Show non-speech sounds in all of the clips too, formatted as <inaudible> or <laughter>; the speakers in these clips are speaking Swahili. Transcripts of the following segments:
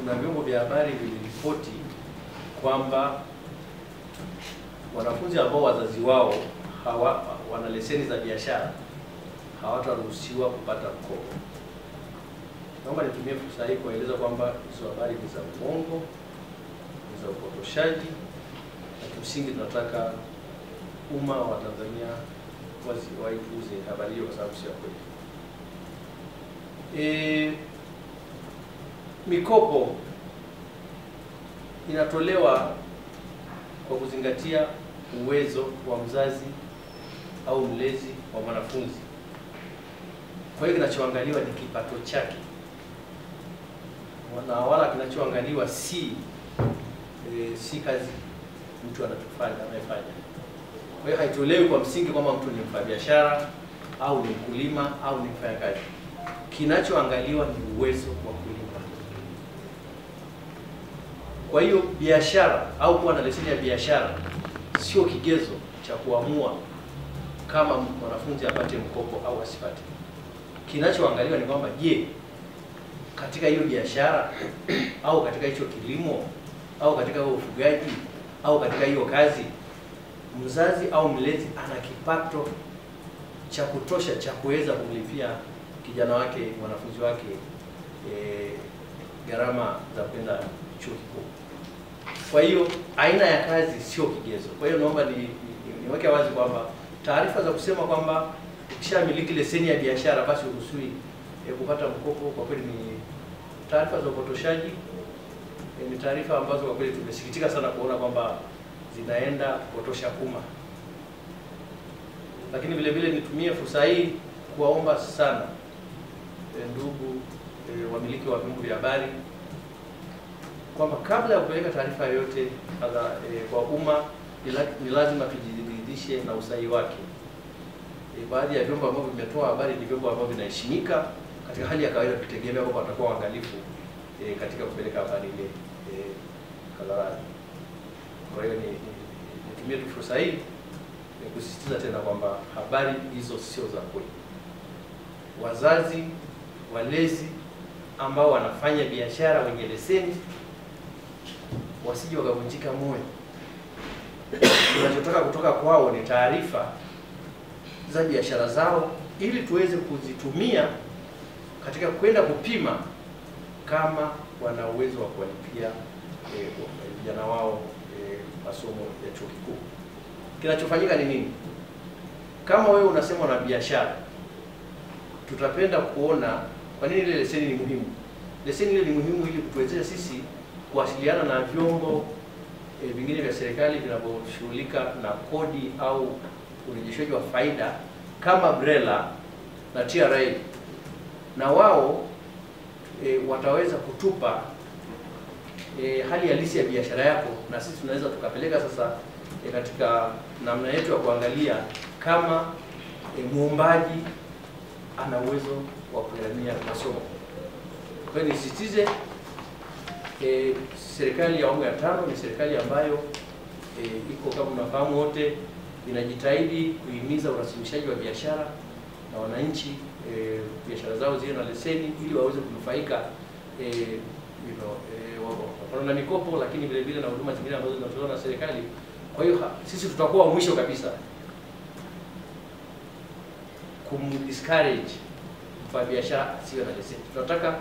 kuna vyombo vya habari viliripoti kwamba wanafunzi ambao wazazi wao hawa wana leseni za biashara hawataruhusiwa kupata mkopo. Naomba nitumie fursa hii kueleza kwamba hizo habari ni za uongo, ni za upotoshaji na kimsingi tunataka umma wa Tanzania waipuuze habari hiyo kwa sababu si ya kweli. E, mikopo inatolewa kwa kuzingatia uwezo wa mzazi au mlezi wa mwanafunzi. Kwa hiyo kinachoangaliwa ni kipato chake, na wala kinachoangaliwa si e, si kazi mtu anachofanya anayefanya. Kwa hiyo haitolewi kwa msingi kwamba mtu ni mfanyabiashara au ni mkulima au ni mfanyakazi. Kinachoangaliwa ni uwezo wa kwa hiyo biashara au kuwa na leseni ya biashara sio kigezo cha kuamua kama mwanafunzi apate mkopo au asipate. Kinachoangaliwa ni kwamba je, katika hiyo biashara <clears throat> au katika hicho kilimo au katika hiyo ufugaji au katika hiyo kazi, mzazi au mlezi ana kipato cha kutosha cha kuweza kumlipia kijana wake mwanafunzi wake e, gharama za kwenda chuo kikuu. Kwa hiyo aina ya kazi sio kigezo. Kwa hiyo naomba ni, ni, niweke wazi kwamba taarifa za kusema kwamba ukishamiliki leseni ya biashara basi uruhusiwi eh, kupata mkopo kwa kweli ni taarifa za upotoshaji. Eh, ni taarifa ambazo kwa kweli tumesikitika sana kuona kwamba zinaenda kupotosha umma. Lakini vile vile nitumie fursa hii kuwaomba sana eh, ndugu E, wamiliki wa vyombo vya habari kwamba kabla ya kupeleka taarifa yoyote e, kwa umma ni lazima tujiridhishe na usahihi wake. E, baadhi ya vyombo ambavyo vimetoa habari ni vyombo ambavyo vinaheshimika. Katika hali ya kawaida, tutegemea kwamba watakuwa waangalifu e, katika kupeleka habari ile e, hadharani. Kwa hiyo nitumie ni, ni tu fursa hii ni e, kusisitiza tena kwamba habari hizo sio za kweli. Wazazi, walezi ambao wanafanya biashara wenye leseni wasije wakavunjika moyo. Tunachotaka kutoka kwao ni taarifa za biashara zao ili tuweze kuzitumia katika kwenda kupima kama wana uwezo wa kuwalipia eh, vijana e, wao e, masomo ya chuo kikuu. Kinachofanyika ni nini? Kama wewe unasema na biashara, tutapenda kuona kwa nini ile leseni ni muhimu? Leseni ile ni muhimu ili kutuwezesha sisi kuwasiliana na vyombo e, vingine vya serikali vinavyoshughulika na kodi au urejeshaji wa faida kama BRELA na TRA, na wao e, wataweza kutupa e, hali halisi ya biashara yako, na sisi tunaweza tukapeleka sasa e, katika namna yetu ya kuangalia kama e, muombaji ana uwezo wa kusimamia masomo. Kwa hiyo nisisitize e, serikali ya awamu ya tano ni serikali ambayo e, iko kama unafahamu wote, inajitahidi kuhimiza urasimishaji wa biashara na wananchi e, biashara zao ziwe na leseni ili waweze kunufaika e, you know, e, na mikopo, lakini vile vile na huduma zingine ambazo zinatolewa na serikali. Kwa hiyo sisi tutakuwa mwisho kabisa kumdiscourage mfanyabiashara asiwe na leseni. Tunataka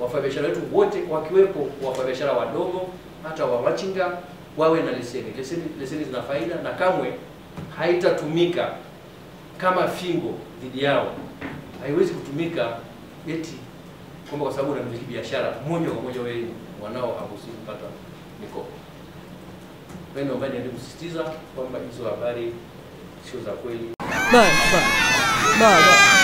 wafanyabiashara wetu wote wakiwepo wafanyabiashara wadogo, hata wamachinga wawe na leseni. Leseni, leseni zina faida na kamwe haitatumika kama fingo dhidi yao. Haiwezi kutumika eti kwamba kwa sababu unamiliki biashara moja kwa moja wewe wanao haruhusiwi kupata mikopo. Wewe ndio niende kusisitiza kwamba hizo habari sio za kweli. Bye, bye. Bye, bye.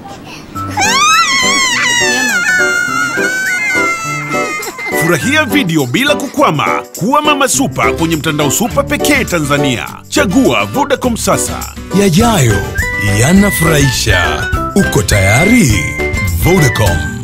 Furahia video bila kukwama. Kuwa mama super kwenye mtandao supa pekee Tanzania. Chagua Vodacom sasa. Yajayo yanafurahisha. Uko tayari? Vodacom.